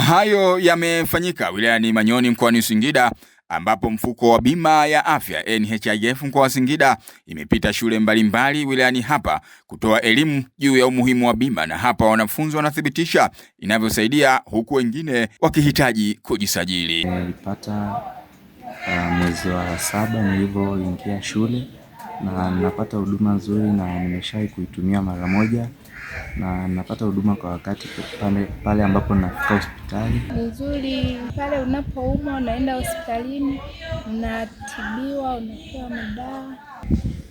Hayo yamefanyika wilayani Manyoni mkoani Singida ambapo mfuko wa bima ya afya NHIF mkoa wa Singida imepita shule mbalimbali wilayani hapa kutoa elimu juu ya umuhimu wa bima, na hapa wanafunzi wanathibitisha inavyosaidia, huku wengine wakihitaji kujisajili. Nilipata uh, mwezi wa saba nilivyoingia shule, na napata huduma nzuri na nimeshai kuitumia mara moja na napata huduma kwa wakati pale, pale ambapo nafika hospitali. nzuri pale unapouma unaenda hospitalini unatibiwa, unapewa madawa.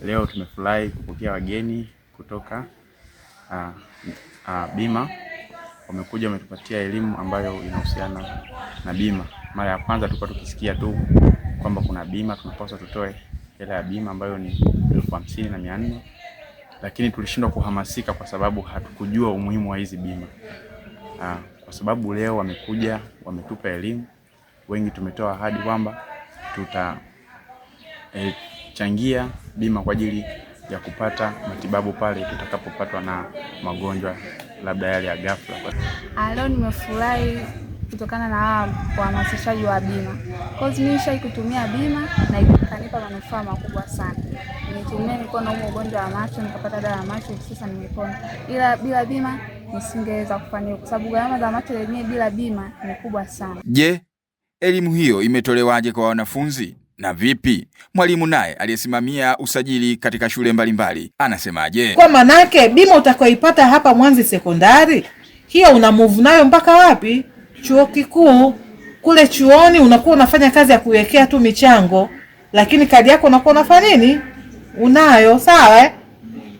Leo tumefurahi kupokea wageni kutoka uh, uh, bima wamekuja wametupatia elimu ambayo inahusiana na bima. Mara ya kwanza tulikuwa tukisikia tu kwamba kuna bima, tunapaswa tutoe hela ya bima ambayo ni elfu hamsini na mia nne lakini tulishindwa kuhamasika kwa sababu hatukujua umuhimu wa hizi bima. Aa, ah, kwa sababu leo wamekuja wametupa elimu, wengi tumetoa ahadi kwamba tutachangia eh, e, bima kwa ajili ya kupata matibabu pale tutakapopatwa na magonjwa labda yale ya ghafla. Ah, leo nimefurahi kutokana na uhamasishaji wa bima. Cause nishai kutumia bima na ikanipa manufaa makubwa sana. Nimetumia nilikuwa naumwa ugonjwa wa macho, nikapata dawa ya macho, sasa nimepona. Ila bila bima nisingeweza kufanya hivyo, kwa sababu gharama za macho yenyewe bila bima ni kubwa sana. Je, elimu hiyo imetolewaje kwa wanafunzi na vipi? Mwalimu naye aliyesimamia usajili katika shule mbalimbali anasemaje? Kwa manake bima utakayoipata hapa Mwanzi sekondari hiyo una move nayo mpaka wapi? chuo kikuu kule chuoni unakuwa unafanya kazi ya kuiwekea tu michango, lakini kadi yako unakuwa unafanya nini? Unayo, sawa eh?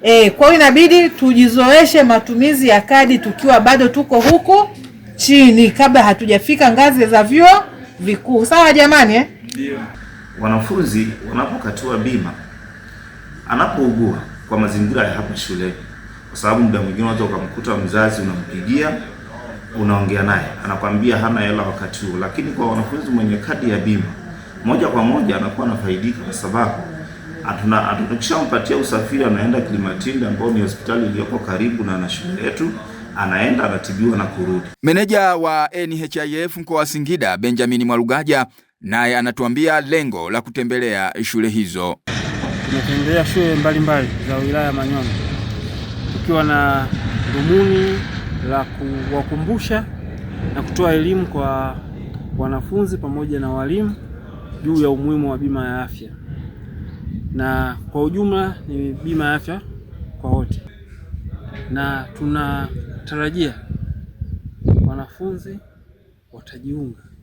eh? Kwa hiyo inabidi tujizoeshe matumizi ya kadi tukiwa bado tuko huku chini, kabla hatujafika ngazi za vyuo vikuu, sawa jamani eh? Ndio. Wanafunzi wanapokatiwa bima anapougua kwa mazingira ya hapa shuleni, kwa sababu muda mwingine watu wakamkuta mzazi unampigia unaongea naye anakwambia hana hela wakati huo lakini kwa wanafunzi mwenye kadi ya bima moja kwa moja anakuwa anafaidika kwa sababu tukishampatia usafiri anaenda Kilimatinde ambao ni hospitali iliyoko karibu na na shule yetu, anaenda anatibiwa na kurudi. Meneja wa NHIF mkoa wa Singida Benjamin Mwalugaja naye anatuambia lengo la kutembelea shule hizo. Tunatembelea shule mbalimbali za wilaya Manyoni tukiwa na rumuni la kuwakumbusha na kutoa elimu kwa wanafunzi pamoja na walimu juu ya umuhimu wa bima ya afya, na kwa ujumla ni bima ya afya kwa wote, na tunatarajia wanafunzi watajiunga.